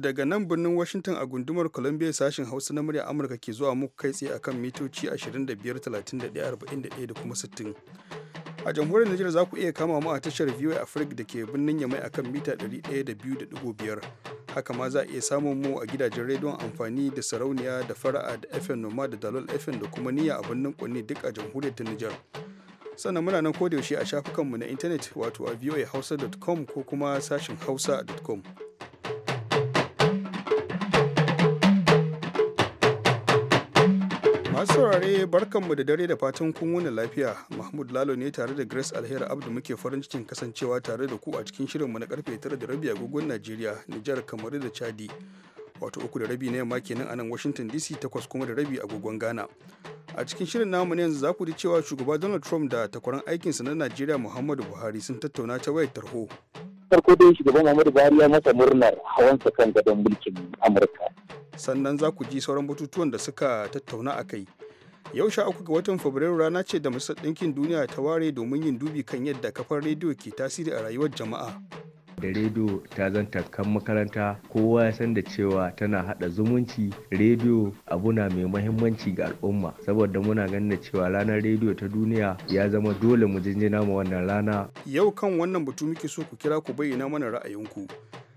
daga nan birnin Washington a gundumar Columbia sashen Hausa na murya Amurka ke zuwa muku kai tsaye akan mitoci 25, da kuma 60. A jamhuriyar nijar za ku iya kama mu a tashar VOA Africa da ke birnin Yamai akan mita 102.5. Haka ma za a iya samun mu a gidajen rediyon amfani da sarauniya da fara'a da FM Noma da Dalol FM da kuma niyya a birnin Kwanne duk a jamhuriyar ta Nijar. sannan muna nan kodayaushe a shafukanmu na intanet wato a voahausa.com ko kuma sashin hausa.com masu saurare barkanmu da dare da fatan kun wuni lafiya mahmud lalo ne tare da grace alheri abdu muke farin cikin kasancewa tare da ku a cikin shirinmu na karfe tara da rabi agogon najeriya nijar kamaru da chadi wato uku da rabi na yamma kenan a nan washington dc takwas kuma da rabi agogon ghana a cikin shirin namu ne yanzu za ku ji cewa shugaba donald trump da takwaran aikinsa na najeriya muhammadu buhari sun tattauna ta wayar tarho farko dai shugaban Muhammadu Buhari ya masa murnar hawansa kan gadon mulkin Amurka. Sannan za ku ji sauran batutuwan da suka tattauna a kai. yau sha uku ga watan fabrairu rana ce da masu ɗinkin duniya ta ware domin yin dubi kan yadda kafar rediyo ke tasiri a rayuwar jama'a da rediyo ta zanta kan makaranta kowa ya san da cewa tana hada zumunci rediyo abu na mai mahimmanci ga al'umma saboda muna ganin da cewa ranar rediyo ta duniya ya zama dole mu jinjina ma wannan rana yau kan wannan batu muke so ku kira ku bayyana mana ra'ayinku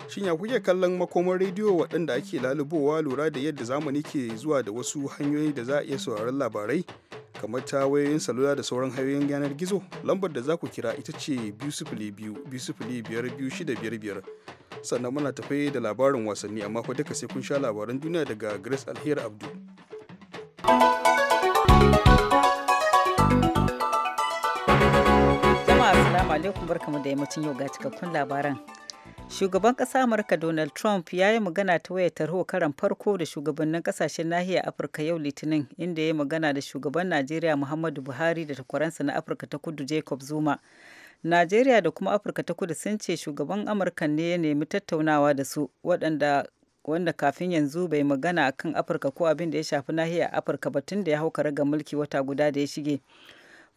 Shin ya kuke kallon makomar rediyo waɗanda ake lalubowa lura da yadda zamani ke zuwa da wasu hanyoyi da za a iya sauraron labarai kamar ta wayoyin salula da sauran hanyoyin yanar gizo? Lambar da za ku kira ita ce biyar sannan muna tafai da labarin wasanni amma fa duka sai kun sha labaran duniya daga Grace Alheri Abdu. Jama'a assalamu alaikum barkamu da yammacin yau ga cikakkun labaran. shugaban ƙasa amurka donald trump ya yi magana ta waya tarho karan farko da shugabannin ƙasashen nahiyar afirka yau litinin inda ya yi magana da shugaban najeriya muhammadu buhari da takwaransa na afirka ta kudu jacob zuma najeriya da kuma afirka ta kudu sun ce shugaban amurka ne ya nemi tattaunawa da su waɗanda wanda kafin yanzu bai magana akan afirka ko abin da ya shafi nahiyar afirka batun da ya hau ga mulki wata guda da ya shige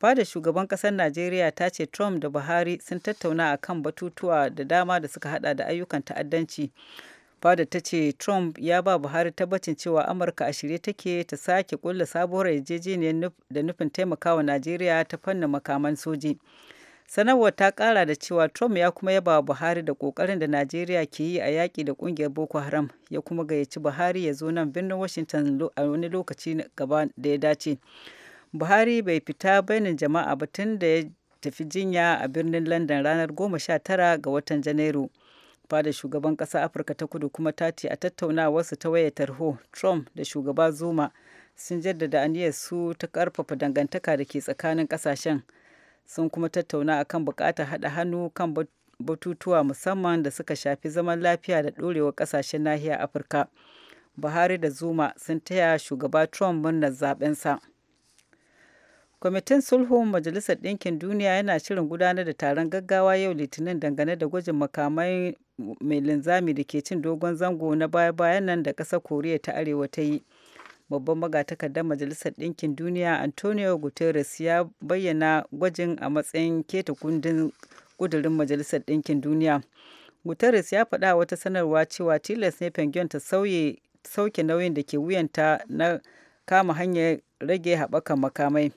fada shugaban kasar najeriya ta ce trump da buhari sun tattauna a kan batutuwa da dama da suka hada da ayyukan ta'addanci fada ta ce trump ya ba buhari tabbacin cewa amurka a shirye take ta sake kulla sabuwar yarjejeniyar da nufin taimakawa najeriya ta fannin makaman soji sanarwar ta kara da cewa trump ya kuma yaba buhari da kokarin da najeriya ke yi a yaƙi da ƙungiyar boko haram ya kuma gayyaci buhari ya zo nan birnin washington a wani lokaci gaba da ya dace Buhari bai fita bainin jama'a ba tun da ya tafi jinya a birnin London ranar 19 ga watan Janairu. Fada shugaban ƙasa Afirka ta kudu kuma ta ce a wasu ta wayar tarho, Trump da shugaba Zuma sun jaddada aniyar su ta ƙarfafa dangantaka da ke tsakanin ƙasashen. Sun kuma tattauna akan buƙatar haɗa hannu kan batutuwa musamman da suka shafi zaman lafiya da ɗorewar ƙasashen nahiyar Afirka. Buhari da Zuma sun taya shugaba Trump murnar zaɓensa. kwamitin sulhun majalisar ɗinkin duniya yana shirin gudanar da taron gaggawa yau litinin dangane da gwajin makamai mai linzami da ke cin dogon zango na baya-bayan nan da ƙasar koriya ta arewa ta yi babban magatakardar majalisar ɗinkin duniya antonio guterres ya bayyana gwajin a matsayin keta kundin ƙudurin majalisar ɗinkin duniya guterres ya faɗa wata sanarwa cewa tilas ne penguin ta sauke nauyin da ke wuyanta na kama hanyar rage haɓaka makamai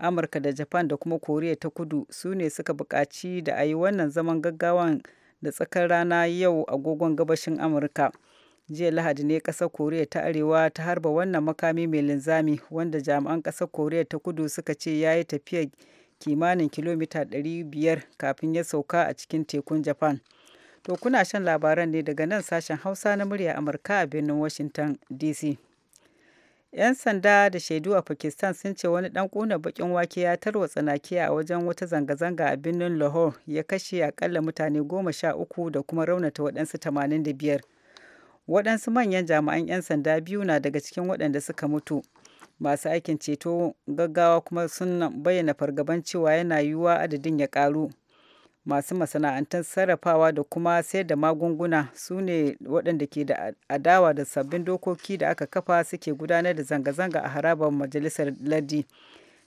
amurka da japan da kuma koriya ta kudu su ne suka buƙaci da a yi wannan zaman gaggawan da tsakar rana yau agogon gabashin amurka jiya lahadi ne ƙasar koriya ta arewa ta harba wannan makami mai linzami wanda jami'an ƙasar koriya ta kudu suka ce ya yi tafiya kimanin kilomita 500 kafin ya sauka a cikin tekun japan to kuna shan labaran ne daga nan sashen hausa na murya amurka a birnin washington dc 'Yan sanda da shaidu a Pakistan sun ce wani dan kuna bakin wake ya tarwatsa nakiya a wajen wata zanga-zanga a birnin Lahore ya kashe akalla mutane goma sha uku da kuma raunata waɗansu 85. Waɗansu manyan jami'an 'yan sanda biyu na daga cikin waɗanda suka mutu. Masu aikin ceto gaggawa kuma sun bayyana fargaban cewa yana yiwuwa adadin ya ƙaru. masu masana'antar sarrafawa da kuma sayar da magunguna su ne waɗanda ke da adawa da sabbin dokoki da aka kafa suke gudanar da zanga-zanga a harabar majalisar lardi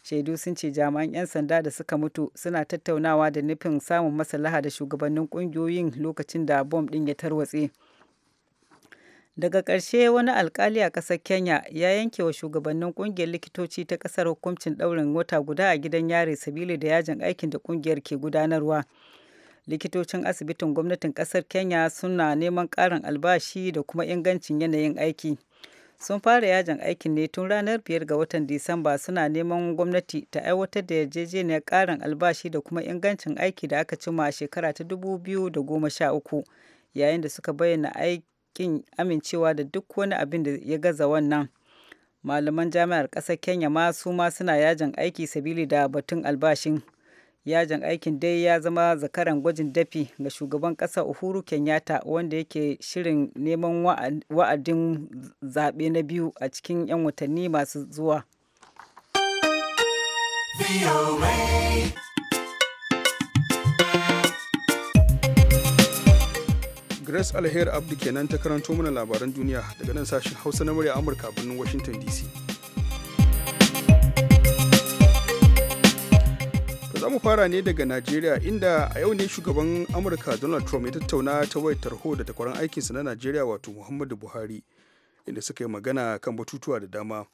shaidu sun ce jami'an 'yan sanda da suka mutu suna tattaunawa da nufin samun maslaha da shugabannin ƙungiyoyin lokacin da bom ɗin ya tarwatse daga ƙarshe wani alkali a ƙasar kenya ya yanke wa shugabannin ƙungiyar likitoci ta ƙasar hukuncin ɗaurin wata guda a gidan yare sabili da yajin aikin da ƙungiyar ke gudanarwa likitocin asibitin gwamnatin ƙasar kenya suna neman ƙarin albashi da kuma ingancin yanayin aiki sun fara yajin aikin ne tun ranar biyar ga watan disamba suna neman gwamnati ta aiwatar da yarjejeniyar ƙarin albashi da kuma ingancin aiki da aka cima a shekara ta 2013 yayin da suka bayyana aiki ƙin amincewa da duk wani abin da ya gaza wannan malaman jami'ar ƙasar kenya ma su ma suna yajin aiki sabili da batun albashin yajin aikin dai ya zama zakaran gwajin dafi ga shugaban ƙasa uhuru kenyatta wanda yake shirin neman wa'adin zaɓe na biyu a cikin 'yan watanni masu zuwa. Grace Alher Abdu kenan ta karanto mana labaran duniya daga nan sashen Hausa na murya Amurka birnin Washington DC. za mu fara ne daga Najeriya inda a yau ne shugaban Amurka Donald Trump ya tattauna ta wayar tarho da takwaran aikinsa na Najeriya wato Muhammadu Buhari inda suka yi magana kan batutuwa da dama.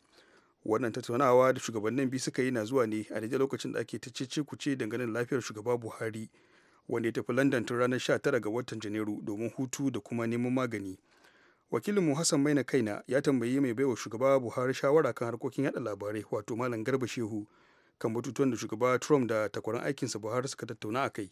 Wannan tattaunawa da shugabannin biyu suka yi na zuwa ne a daidai lokacin da ake ta cece kuce dangane da lafiyar shugaba Buhari. wanda ya tafi london tun ranar 19 ga watan janairu domin hutu da kuma neman magani wakilin wakilinmu hassan maina kaina ya tambayi mai baiwa shugaba buhari shawara kan harkokin yada labarai wato malam garba shehu kan batutuwan da shugaba trump da takwaran aikinsa buhari suka tattauna a kai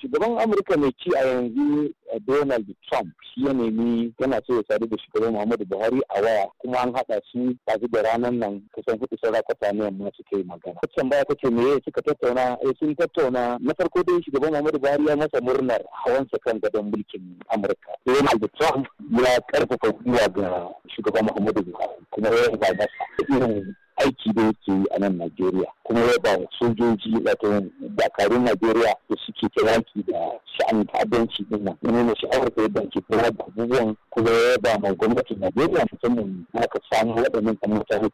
shugaban amurka mai ci a yanzu eh, donald trump shi ya nemi yana so ya sadu da shugaban muhammadu buhari a waya kuma an haɗa su tafi da ranar nan kusan hudu sauran kwata ne amma suka yi magana waccan baya kace me suka tattauna eh sun tattauna na farko dai shugaban muhammadu buhari ya masa murnar hawansa kan gadon mulkin amurka donald trump ya karfafa gwiwa ga shugaban muhammadu buhari kuma ya yi masa irin aiki da yake yi a nan Najeriya kuma ya ba sojoji wato dakarun Najeriya da suke kiraki da sha'anin ta'addanci din nan yana da sha'awar da yadda ke kula da abubuwan kuma ya ba ma gwamnatin Najeriya musamman aka samu waɗannan kamar ta da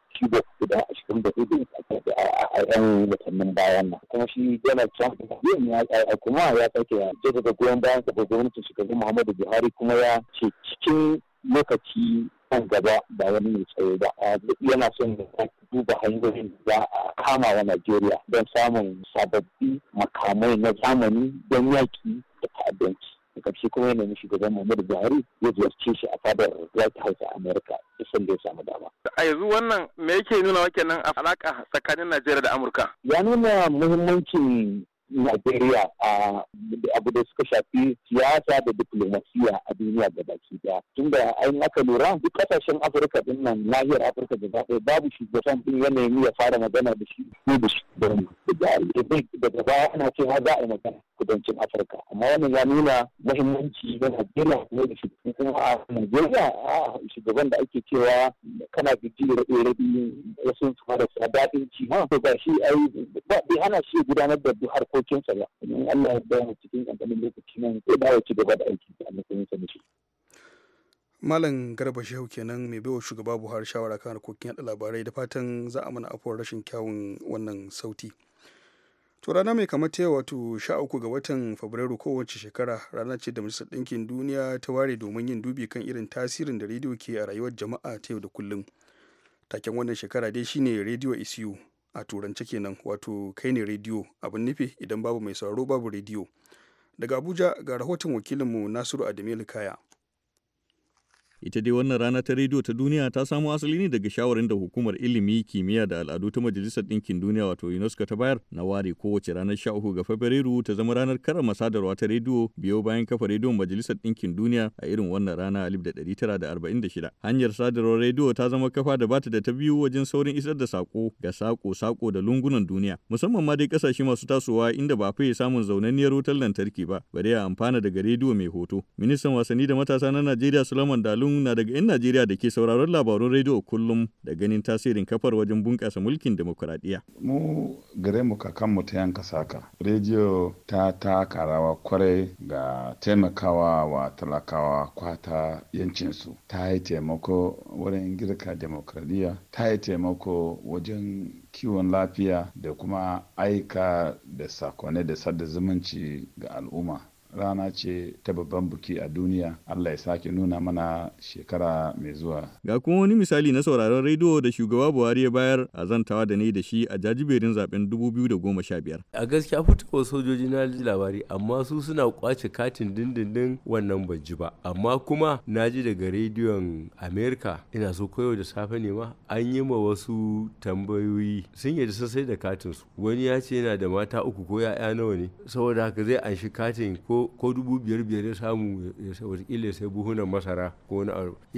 guda ashirin da hudu a yan watannin bayan nan kuma shi Donald Trump yi ya kuma ya sake jaddada goyon bayan ga gwamnatin shugaban Muhammadu Buhari kuma ya ce cikin lokaci kan gaba ba wani mai tsaye ba yana son duba hanyoyin da za a kama wa najeriya don samun sababbi makamai na zamani don yaki da ta'addanci da ƙarshe kuma yana da shugaban mai Buhari ya ziyarce shi a fadar White House a Amerika isan da ya samu dama. A yanzu wannan me yake nuna wa kenan a alaƙa tsakanin Najeriya da Amurka? Ya nuna muhimmancin Najeriya a abu da suka shafi siyasa da diplomasiya a duniya baki daya. Tun da ainihin aka lura duk kasashen Afirka din nan nahiyar Afirka da zaɓe babu shugaban din yanayin ya fara magana da shi ko da shi da daga baya ana cewa za a yi magana kudancin Afirka. Amma wannan ya nuna muhimmanci na Najeriya ne da shi. kuma a Najeriya a shugaban da ake cewa kana biji rabe-rabe wasu su fara sadadin ci ma. To ga shi ai ba hana shi gudanar da harkokin dokokinsa ba in Allah ya bayyana cikin ƙanƙanin lokaci nan zai dawo ci gaba da aiki a matsayin sa mishi Malam Garba Shehu kenan mai baiwa shugaba Buhari shawara kan harkokin yaɗa labarai da fatan za a mana afuwar rashin kyawun wannan sauti. To rana mai kama ta wato sha uku ga watan Fabrairu kowace shekara rana ce da Majalisar Ɗinkin Duniya ta ware domin yin dubi kan irin tasirin da rediyo ke a rayuwar jama'a ta yau da kullum. Taken wannan shekara dai shine rediyo isu. a turance kenan wato kai ne rediyo abin nufi idan babu mai sauraro babu rediyo daga abuja ga rahoton wakilinmu nasiru adamu kaya Ita dai wannan rana ta rediyo ta duniya ta samo asali ne daga shawarin da hukumar ilimi, kimiyya da al'adu ta Majalisar Ɗinkin Duniya wato UNESCO ta bayar na ware kowace ranar sha uku ga Fabrairu ta zama ranar karama sadarwa ta rediyo biyo bayan kafa rediyon Majalisar Ɗinkin Duniya a irin wannan rana alif da da da tara arba'in ɗari shida Hanyar sadarwar rediyo ta zama kafa da bata da ta biyu wajen saurin isar da sako ga saƙo saƙo da lungunan duniya musamman ma dai ƙasashe masu tasowa inda ba fiye samun zaunanniyar wutar lantarki ba bare a amfana daga rediyo mai hoto. Ministan wasanni da matasa na Najeriya Sulaiman Dalun Kullum na daga 'yan Najeriya da ke sauraron labarun rediyo kullum da ganin tasirin kafar wajen bunƙasa mulkin demokuraɗiyya. Mu gare mu kakanmu ta yanka saka. Rediyo ta taka rawa kwarai ga taimakawa wa talakawa kwata yancinsu. Ta yi taimako wurin girka demokuraɗiyya, ta yi taimako wajen kiwon lafiya da kuma aika da sakone da sada zumunci ga al'umma. rana ce ta babban buki a duniya Allah ya sake nuna mana shekara mai zuwa. Ga kuma wani misali na sauraron rediyo da shugaba Buhari ya bayar a zantawa da ni da shi a jajiberin zaben 2015. A gaskiya fitowa sojoji na ji labari amma su suna kwace katin dindindin wannan ban ba amma kuma na ji daga rediyon Amerika ina so koyo da safe ne ma an yi ma wasu tambayoyi sun yi sosai da katin su wani ya ce yana da mata uku ko ya'ya nawa ne saboda haka zai an shi katin ko ko dubu biyar biyar ya samu watakila ya sai buhunan masara ko wani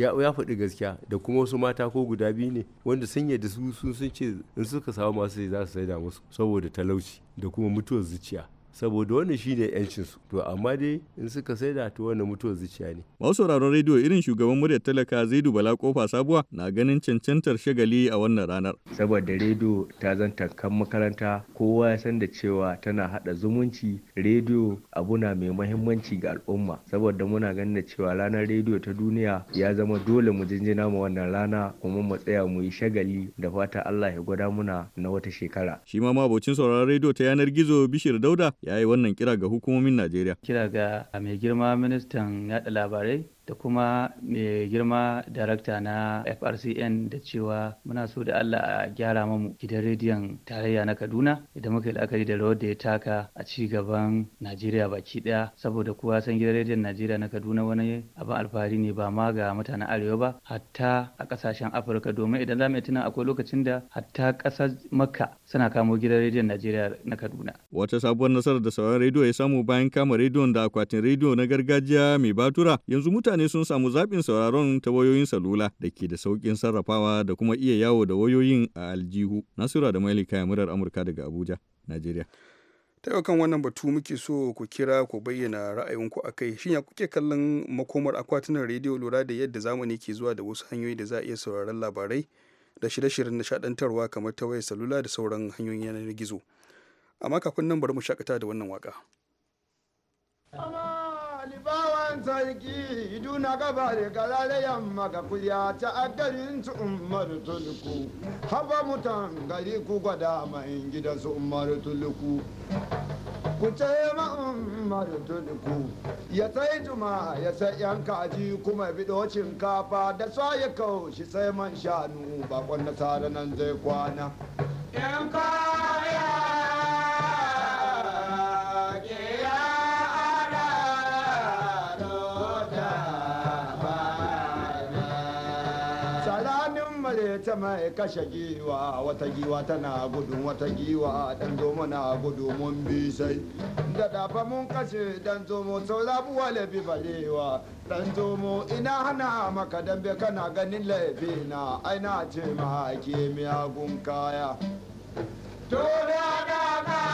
abu ya faɗi gaskiya da kuma wasu mata ko guda biyu ne wanda sun yadda su sun ce in suka samu masu za su saida musu saboda talauci da kuma mutuwar zuciya saboda wani shi yancin su to amma dai in suka sai da to Wani mutuwar zuciya ne masu sauraron rediyo irin shugaban muryar talaka Zaidu Bala Kofa Sabuwa na ganin cancantar shagali a wannan ranar saboda rediyo ta zanta kan makaranta kowa ya san da cewa tana hada zumunci rediyo abu na mai muhimmanci ga al'umma saboda muna ganin da cewa ranar rediyo ta duniya ya zama dole mu jinjina mu wannan rana kuma mu tsaya mu yi shagali da fata Allah ya gwada muna na wata shekara shi ma mabocin sauraron rediyo ta yanar gizo Bishir Dauda ya yi wannan kira ga hukumomin Najeriya. Kira ga mai girma ministan yaɗa labarai da kuma mai girma darakta na frcn da cewa muna so da allah a gyara mamu gidan rediyon tarayya na kaduna idan muka yi la'akari da rawar da ya taka a ci gaban najeriya baki daya saboda kuwa san gidan rediyon najeriya na kaduna wani abin alfahari ne ba ma ga mutanen arewa ba hatta a kasashen afirka domin idan za mu tuna akwai lokacin da hatta kasar makka suna kamo gidan rediyon najeriya na kaduna wata sabuwar nasarar da sauran rediyo ya samu bayan kama rediyon da akwatin rediyo na gargajiya mai batura yanzu mutane mutane sun samu zaɓin sauraron ta wayoyin salula da ke da sauƙin sarrafawa da kuma iya yawo da wayoyin a aljihu. Nasura da Mailika ya murar Amurka daga Abuja, Najeriya. ta kan wannan batu muke so ku kira ku bayyana ra'ayinku a kai shin ya kuke kallon makomar akwatunan rediyo lura da yadda zamani ke zuwa da wasu hanyoyi da za a iya sauraron labarai da shirye-shiryen nishadantarwa kamar ta wayar salula da sauran hanyoyin yanar gizo amma kafin nan bari mu shakata da wannan waka. kan sarki iduna gaba gabar kalale yamma ga kulya ta a garin su umar tuluku haba mutan gari ku gwada ma'in gida su umar tulku ku taya umar tulku ya sai juma ya sai yan kaji kuma bido shinkafa da sa ya kaushi sai man shanu bakon nasara nan zai kwana yan kaji ita mai kashe giwa wata giwa tana gudun wata giwa dan zomo na gudu mun bi sai da dafa mun kashe dan zomo sau zabuwa laifi barewa dan zomo ina hana maka dambe kana ganin laifi na aina ce ma ke miyagun kaya to da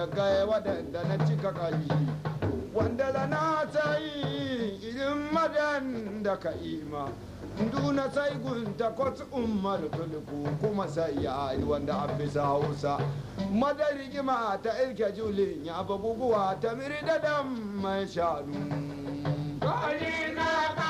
da kai waɗanda na cika kali wanda lana ta yi irin madan da ka ima duna sai gunta kwat ummar tulku kuma sai ya yi wanda an fi hausa madar rigima ta irke julin ya babubuwa ta mirdadan mai shanu. Kali na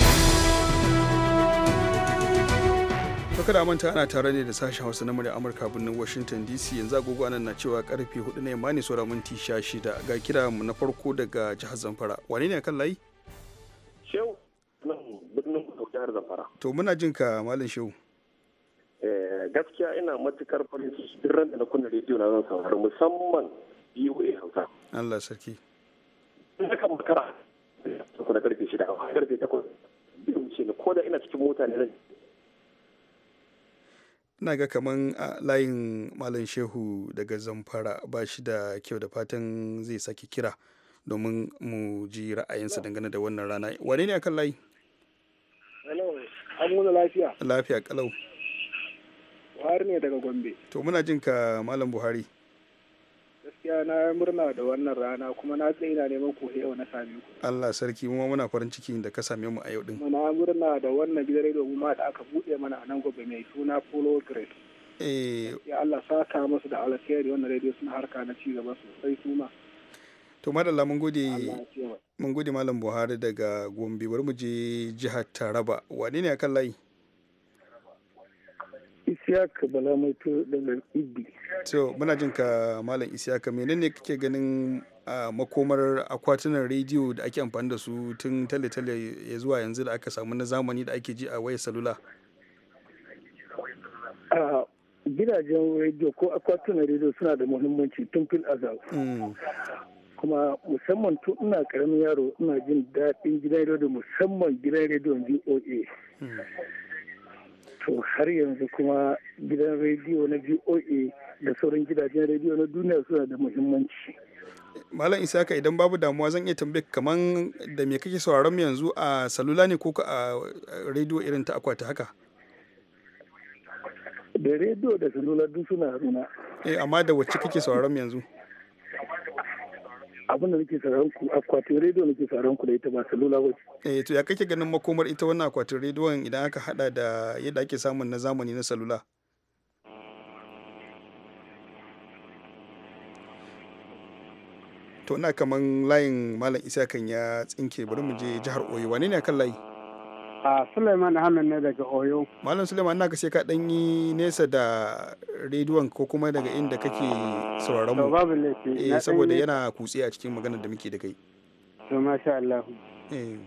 to kada manta ana tare ne da sashen hausa na murya amurka birnin washington dc yanzu agogo anan na cewa karfe 4 na yamma ne saura minti shida ga kira mu na farko daga jihar zamfara wane ne kan layi shehu birnin jihar zamfara to muna jin ka malam shehu eh, gaskiya ina matukar farin ciki ran da na kunna rediyo na zan saurari musamman BOA Hausa Allah sarki ina kan makara da karfe 6 karfe 8 ko da ina cikin mota ne zan ina ga kaman a layin malam shehu daga zamfara ba shi da kyau da fatan zai sake kira domin mu ji ra'ayinsa dangane da wannan rana wane ne akan layi lafiya lafiya kalau buhari ne daga gombe to muna jin ka malam buhari gaskiya na murna da wannan rana kuma na tsaye na neman ku yau na same ku Allah sarki mu muna farin ciki da ka same mu a yau din muna murna da wannan gidan rediyo mu da aka buɗe mana a nan gobe mai suna Polo Grace eh ya Allah saka musu da alkhairi wannan rediyo suna harka na ci gaba sosai su ma to madalla mun gode mun gode malam Buhari daga Gombe bari mu je jihar Taraba wane ne akan layi Isiyaka Balamaito daga Igbi. To, muna jin ka Malam Isiyaka, menene kake ganin makomar akwatunan rediyo da ake amfani da su tun tale-tale ya zuwa yanzu da aka samu na zamani da ake ji a wayar salula? Gidajen rediyo ko akwatunan rediyo suna da muhimmanci tun fil azal. Mm. kuma musamman tun ina karamin yaro ina jin daɗin gidan rediyo musamman gidan rediyon VOA. Mm. to har yanzu kuma gidan rediyo na voa da sauran gidajen rediyo na duniya suna da muhimmanci malam isaka idan babu damuwa zan iya tambayi kaman da me kake sauraron yanzu a salula ne ko a rediyo irin ta akwati haka da rediyo da salula duk suna haruna eh amma da wacce kake sauraron yanzu abinda da nake sauraron ku akwatin rediyo nake sauraron ku da ita ba salula wace. eh to ya kake ganin makomar ita wannan akwatin rediyon idan aka hada da yadda ake samun na zamani na salula to ina kaman layin malam isa kan ya tsinke bari mu je jihar oyo wane ne kan layi a suleiman hamid ne daga oyo malam suleiman na kashe ka dan yi nesa da rediyon ko kuma daga inda kake sauraron mu eh saboda yana kutse a cikin maganar da muke da kai to masha Allah eh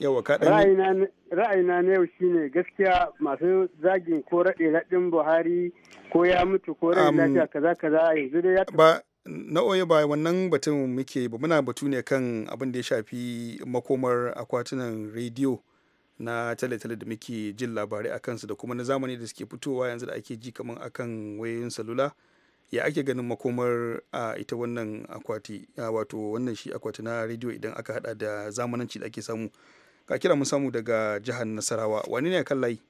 yawa ka dan ra'ayina ne shine gaskiya masu zagin ko rade radin Buhari ko ya mutu ko rai lafiya kaza kaza yanzu dai ya ba na oye ba wannan batun muke ba muna batu ne kan abin da ya shafi makomar akwatunan rediyo na tele-tele da muke jin labarai a kansu da kuma na zamani da suke fitowa yanzu da ake ji kamar akan wayoyin salula ya ake ganin makomar a ita wannan akwati wato wannan shi akwati na rediyo idan aka hada da zamananci da ake samu ka kira mun samu daga jihar nasarawa wani ne kan layi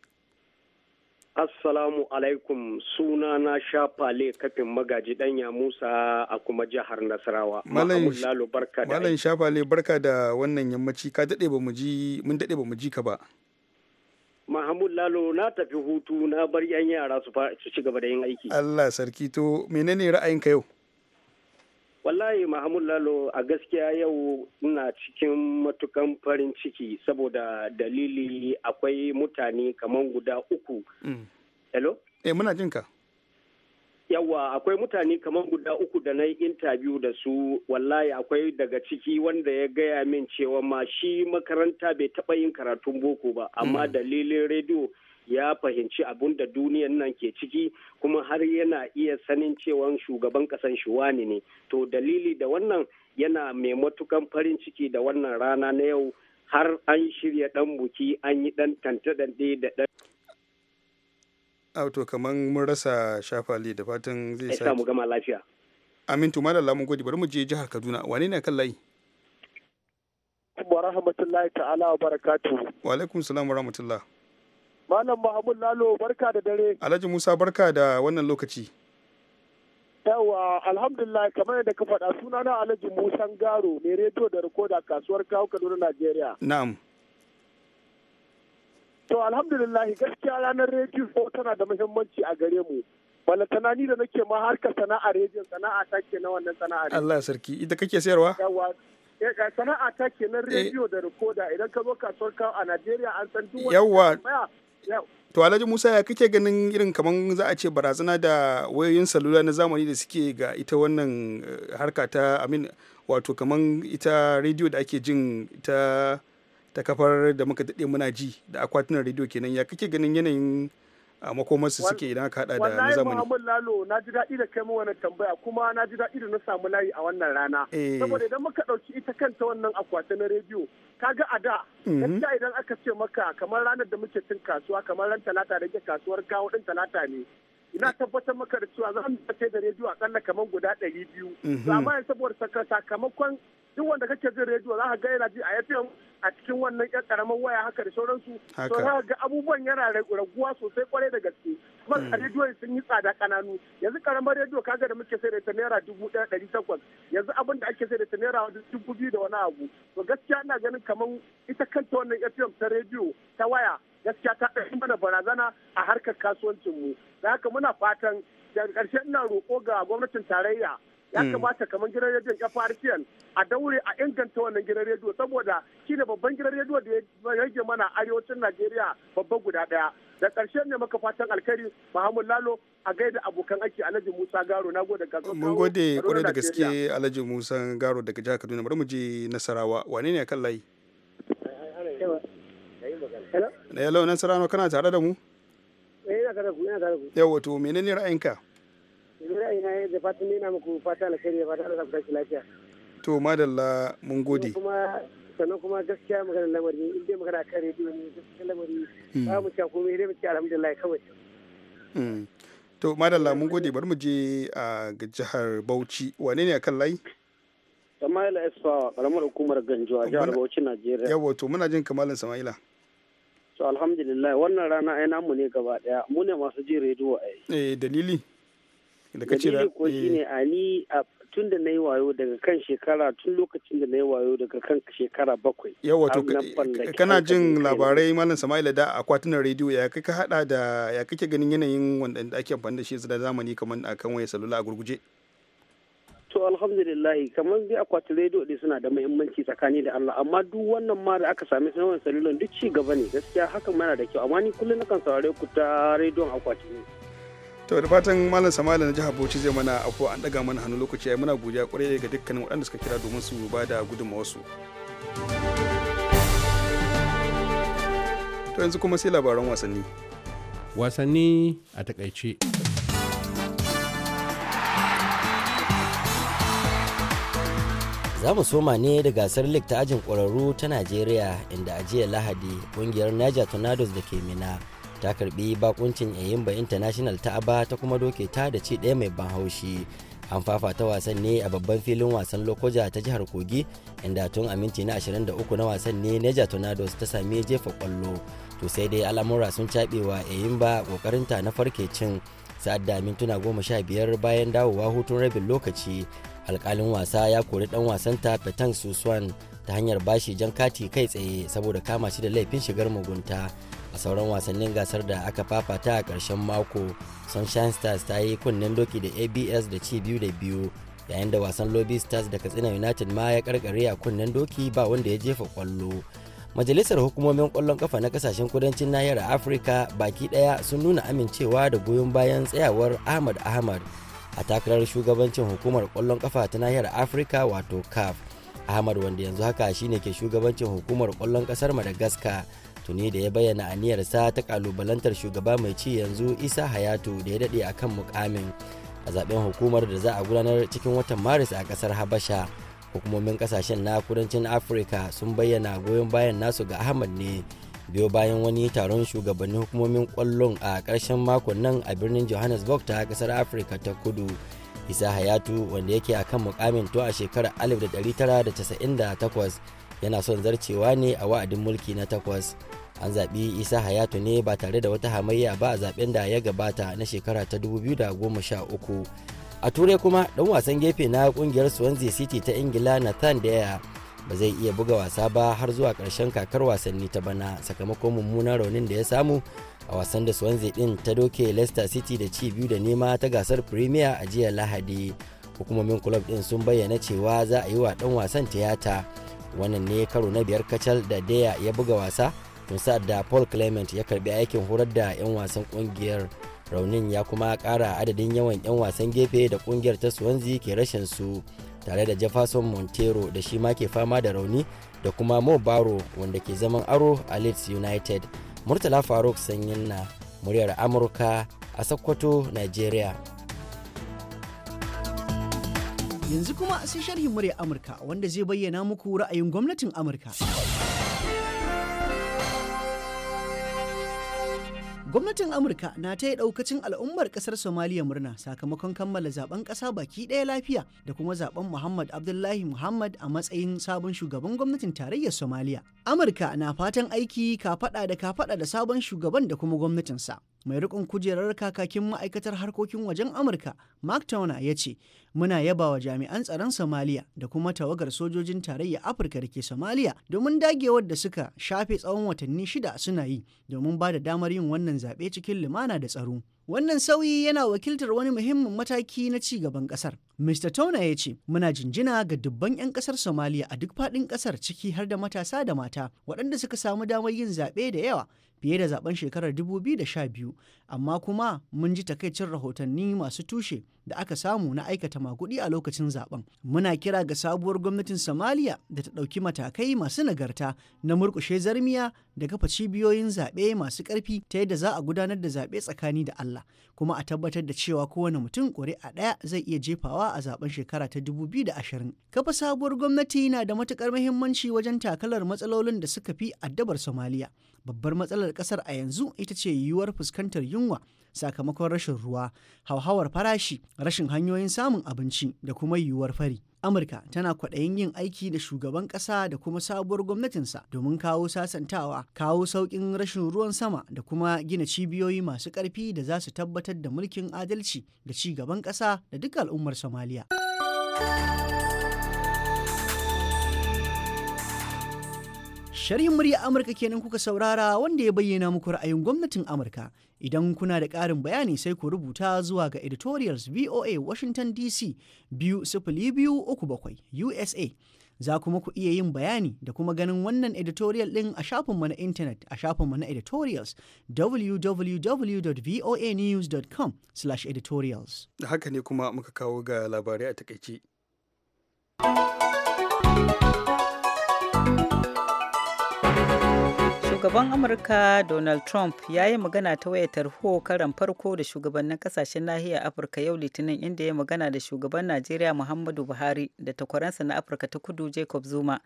Assalamu alaikum suna na shafale kafin magaji danya Musa a kuma jihar Nasarawa. Malam shafale barka da wannan yammaci ka daɗe ba mu ji mun daɗe ba mu ka ba. Mahamud Lalo na tafi hutu na bar yan yara su ci gaba da yin aiki. Allah sarki to menene ra'ayinka yau? wallahi mahamud lalo a gaskiya yau ina cikin matukan farin ciki saboda dalili akwai mutane kamar guda uku mm. hello eh muna ka. yawa akwai mutane kamar guda uku da na yi intabiyu da su wallahi akwai daga ciki wanda ya gaya min cewa ma shi makaranta bai taɓa yin karatun boko ba amma mm. dalilin rediyo ya fahimci abun da duniyan nan ke ciki kuma har yana iya sanin cewa shugaban kasan shuwani ne to dalili da wannan yana mai matukan farin ciki da wannan rana na yau har an shirya dan buki an yi dan tantadande da dan auto kaman mun rasa shafali da fatan zai sa mu gama lafiya amin to malalla mun gode bari mu je jihar Kaduna wane ne kan layi wa rahmatullahi ta'ala wa barakatuhu wa alaikum salam wa rahmatullahi Malam Mahmud Lalo barka da dare. Alhaji Musa barka da wannan lokaci. Yawa alhamdulillah kamar yadda ka faɗa sunana Alhaji Musa Garo ne rediyo da rikoda kasuwar kawo Kaduna Najeriya. Na'am. To alhamdulillah gaskiya ranar rediyo tana da muhimmanci a gare mu. Bala ni da nake ma ka sana'a rediyo sana'a ta ke na wannan sana'a Allah sarki ita kake sayarwa yawa eh, sana'a ta ke na eh. rediyo da rikoda idan ka zo kasuwar kawo a Najeriya an san duk wani Yawwa. to alhaji musa ya kake ganin irin kamar za a ce barazana da wayoyin salula na zamani da suke ga ita wannan eh, harka ta amin wato kamar ita rediyo da ake jin ta kafar da muka daɗe muna ji da akwatunan rediyo kenan ya kake ganin yanayin a makomarsu suke idan aka hada da na zamani. Wallahi Lalo na ji daɗi da kai mu wannan tambaya kuma na ji daɗi da na samu layi a wannan rana. Eh. Saboda idan muka ɗauki ita kanta wannan akwati na rediyo kaga a da mhm. gaskiya idan aka ce maka kamar ranar da muke cin kasuwa kamar ran talata da ke kasuwar kawo din talata ne ina tabbatar maka da cewa za mu fice da rediyo a akalla kamar guda ɗari biyu mhm. amma saboda sakamakon duk wanda kake jin rediyo za ka ga yana ji a FM a cikin wannan ƴan ƙaramin waya haka da sauransu to za ga abubuwan yana raguwa sosai kwarai da gaske kuma a mm. rediyo sun yi tsada kananu yanzu karamar rediyo kaga da muke sai da ta naira dubu ɗaya ɗari takwas yanzu abin da ake sai da ta naira dubu biyu da wani abu to gaskiya ina ganin kamar ita kanta wannan FM ta rediyo ta waya gaskiya ta ɗauki mana barazana a harkar kasuwancin mu da haka muna fatan daga ƙarshe ina roƙo ga gwamnatin tarayya ya hmm. kamata kamar gidan rediyon FRCN a daure a inganta wannan gidan rediyo saboda shi ne babban gidan rediyo da ya rage mana arewacin Najeriya babban guda ɗaya. Da ƙarshe ne maka fatan alkari Muhammad Lalo a gaida abokan aiki Alhaji Musa Garo na gode ga Mun gode kwarai da gaske Alhaji Musa Garo daga jihar Kaduna bari mu je Nasarawa wane ne kan layi? Eh, eh, eh, hello eh, nan sarano kana tare da mu eh, ina tare da ku ina tare da ku yawa to menene ra'ayinka ra'ayina da fatan ina muku fata alkhairi da fatan Allah ku lafiya to madalla mun gode kuma sannan kuma gaskiya magana lamari in dai magana kan rediyo ne gaskiya lamari hmm. ba mu cewa komai dai mu alhamdulillah kawai hmm. to madalla mun gode bari mu je a jihar Bauchi wane ne akan layi Sama'ila Esfawa, karamar hukumar Ganjuwa, jihar Bauchi, Najeriya. Yawo, to muna jin kamalin Sama'ila. so alhamdulillah wannan rana ai namu ne gaba daya mu ne masu jin rediyo ai eh dalili da kace da ko shine eh. a ni tun da na yi wayo daga kan shekara tun lokacin da na yi wayo daga kan shekara bakwai yawa to eh, kana jin labarai malam sama'ila da akwatunan rediyo ya kai ka hada da ya kake ganin yanayin wanda ake amfani da shi da zamani kamar akan waya salula a gurguje so alhamdulillah kamar bi akwatin rediyo dai suna da muhimmanci tsakani da Allah amma duk wannan ma da aka sami wannan salulan duk ci gaba ne gaskiya hakan mana da kyau amma ni kullum nakan saurare ku ta rediyon akwati ne. to da fatan malam samala na jihar bauchi zai mana afo an daga mana hannu lokaci ai muna godiya kwarai ga dukkanin waɗanda suka kira domin su ba da gudunmawarsu to yanzu kuma sai labaran wasanni wasanni a takaice za mu soma ne da gasar lig ta ajin ƙwararru ta najeriya inda a jiya lahadi ƙungiyar niger tornadoes da ke mina ta karbi bakuncin yayimba international ta aba ta kuma doke ta da ci ɗaya mai ban haushi an fafata wasan ne a babban filin wasan lokoja ta jihar kogi inda tun a minti na 23 na wasan ne neja tornadoes ta sami jefa kwallo to sai dai al'amura sun caɓewa yayimba ta na farke cin sa'ad da mintuna goma sha biyar bayan dawowa hutun rabin lokaci alkalin wasa ya kori dan ta petang suswan ta hanyar bashi jan kati kai tsaye saboda kama shi da laifin shigar mugunta a sauran wasannin gasar da aka fafata a karshen mako sunshine stars ta yi kunnen doki da abs da ci biyu da biyu yayin da wasan lobby stars da katsina united ma ya karkare a kunnen doki ba wanda ya jefa kwallo majalisar hukumomin kwallon kafa na kasashen kudancin nahiyar afirka baki daya sun nuna amincewa da goyon bayan tsayawar ahmad ahmad a takarar shugabancin hukumar kwallon kafa ta nahiyar afirka wato caf ahmad wanda yanzu haka shine ke shugabancin hukumar kwallon kasar madagascar tuni da ya bayyana a aniyarsa ta kalubalantar shugaba mai ci yanzu isa hayatu da ya daɗe akan mukamin a zaben hukumar da za a gudanar cikin watan maris a kasar habasha hukumomin kasashen na kudancin afirka sun bayyana goyon bayan nasu ga ahmad ne biyo bayan wani taron shugabannin hukumomin kwallon a karshen makon nan a birnin johannesburg ta kasar afirka ta kudu isa hayatu wanda yake a kan mukamin to a shekarar 1998 yana son zarcewa ne a wa'adin mulki na takwas an zaɓi isa hayatu ne ba tare da wata hamayya ba a zaɓen da ya gabata na shekara ta 2013 a turai kuma ɗan wasan gefe na ƙungiyar swansea city ta ingila nathan daya ba zai iya buga wasa ba har zuwa ƙarshen kakar wasanni ta bana sakamakon mummunan raunin da ya samu a wasan da swansea din ta doke leicester city da ci biyu da nema ta gasar premier a jiya lahadi hukumomin club din sun bayyana cewa za a yi wa dan wasan tiyata wannan ne karo na biyar kacal da daya ya buga wasa tun sa'ad da paul clement ya karbi aikin horar da 'yan wasan kungiyar raunin ya kuma kara adadin yawan 'yan wasan gefe da kungiyar ta swansea ke rashin su tare da jefferson montero da shi ma ke fama da rauni da kuma mo baro wanda ke zaman aro a leeds united murtala faruk sanyin na muryar amurka a sokoto nigeria yanzu kuma sai sharhin murya amurka wanda zai bayyana muku ra'ayin gwamnatin amurka Gwamnatin Amurka na ta yi ɗaukacin al'ummar ƙasar Somaliya murna sakamakon kammala zaben ƙasa baki ɗaya lafiya da kuma zaben Muhammad Abdullahi Muhammad a matsayin sabon shugaban gwamnatin tarayyar Somaliya. Amurka na fatan aiki ka kafaɗa da ka kafaɗa da sabon shugaban da kuma gwamnatinsa. mai rikon kujerar kakakin ma'aikatar harkokin wajen amurka mark towner ya ce muna yabawa jami'an tsaron somaliya da kuma tawagar sojojin tarayya afirka da ke somaliya domin dagewar da suka shafe tsawon watanni shida suna yi domin ba da damar yin wannan zaɓe cikin lumana da tsaro wannan sauyi yana wakiltar wani muhimmin mataki na ci gaban kasar mr Tauna ya ce muna jinjina ga dubban 'yan kasar somaliya a duk faɗin kasar ciki har da matasa da mata waɗanda suka samu damar yin zaɓe da yawa fiye da zaben shekarar 2012 amma kuma mun ji takaicin rahotanni masu tushe da aka samu na aikata maguɗi a lokacin zaben muna kira ga sabuwar gwamnatin somaliya da ta ɗauki matakai masu nagarta na murkushe zarmiya da kafa cibiyoyin zaɓe masu ƙarfi ta yadda za a gudanar da zaɓe tsakani da allah kuma a tabbatar da cewa kowane mutum ƙuri'a ɗaya zai iya jefawa a zaben shekara ta 2020. Kafa sabuwar gwamnati na da matukar muhimmanci wajen takalar matsalolin da suka fi addabar Somaliya. Babbar matsalar ƙasar a yanzu ita ce yiwuwar fuskantar yunwa sakamakon rashin ruwa, hauhawar farashi, rashin hanyoyin samun abinci da kuma yiwuwar fari. Amurka tana kwaɗayin yin aiki da shugaban ƙasa da kuma sabuwar gwamnatinsa domin kawo sasantawa, kawo sauƙin rashin ruwan sama da kuma gina cibiyoyi masu ƙarfi da za su tabbatar da mulkin adalci da ci gaban ƙasa da duka al'ummar Somaliya. Sharhin murya Amurka kenan kuka saurara wanda ya bayyana muku ra'ayin gwamnatin Amurka. Idan kuna da ƙarin bayani sai ku rubuta zuwa ga editorials VOA Washington DC biyu sifili biyu uku bakwai USA. Za kuma ku iya yin bayani da kuma ganin wannan editorial ɗin a shafin na intanet a shafin na editorials www.voanews.com/editorials. Da haka ne kuma muka kawo ga labarai a takaice. shugaban amurka donald trump ya yi magana ta wayar tarho karan farko da shugabannin kasashen nahiyar afirka yau litinin inda ya magana da shugaban najeriya muhammadu buhari da takwaransa na afirka ta kudu jacob zuma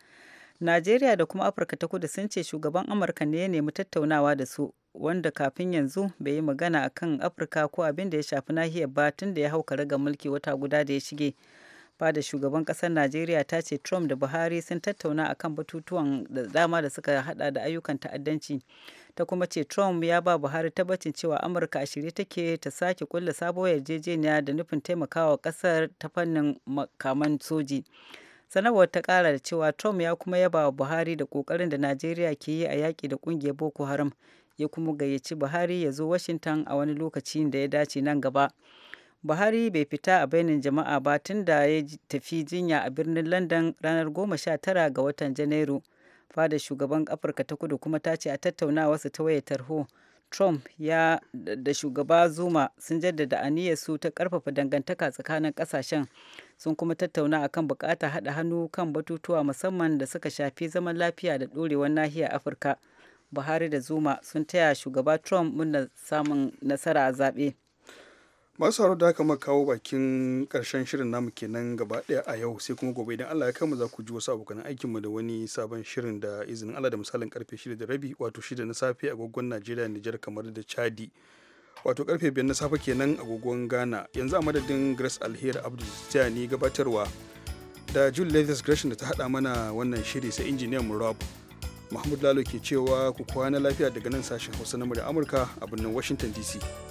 najeriya da kuma afirka ta kudu sun ce shugaban amurka ne ya nemi tattaunawa da su wanda kafin yanzu bai yi magana akan afirka ko abin da ya shafi nahiyar ba tun da ya hau ga mulki wata guda da ya shige fada shugaban kasar najeriya ta ce trump da buhari sun tattauna akan batutuwan da dama da suka hada da ayyukan ta'addanci ta kuma ce trump ya ba buhari tabbacin cewa amurka a shirye take ta sake kulla sabuwar yarjejeniya da nufin taimakawa kasar ta fannin makaman soji sanarwar ta kara da cewa trump ya kuma yaba wa buhari da kokarin da najeriya ke yi a yaƙi da ƙungiyar boko haram ya kuma gayyaci buhari ya zo washington a wani lokaci da ya dace nan gaba Buhari bai fita a bainin jama'a ba tun da ya tafi jinya a birnin London ranar 19 ga watan Janairu. Fada shugaban Afirka ta kudu kuma ta ce a wasu ta waye tarho. Trump ya da shugaba Zuma sun jaddada aniyar su ta karfafa dangantaka tsakanin kasashen sun kuma tattauna a kan bukata haɗa hannu kan batutuwa musamman da suka shafi zaman lafiya da ɗorewar nahiyar Afirka. Buhari da Zuma sun taya shugaba Trump murnar samun nasara a zaɓe. masu haro da aka maka kawo bakin karshen shirin namu kenan gaba daya a yau sai kuma gobe idan Allah ya kama za ku ji wasu abokan aikinmu da wani sabon shirin da izinin Allah da misalin karfe 6 da rabi wato 6 na safe agogon Najeriya Nijar kamar da Chadi wato karfe 5 na safe kenan agogon Ghana yanzu a madadin Grace Alheri Abdul ni gabatarwa da Jule Leathers Gresham da ta hada mana wannan shiri sai injiniyan mu Rob Mahmud Lalo ke cewa ku kwana lafiya daga nan sashen Hausa na Amurka a birnin Washington DC.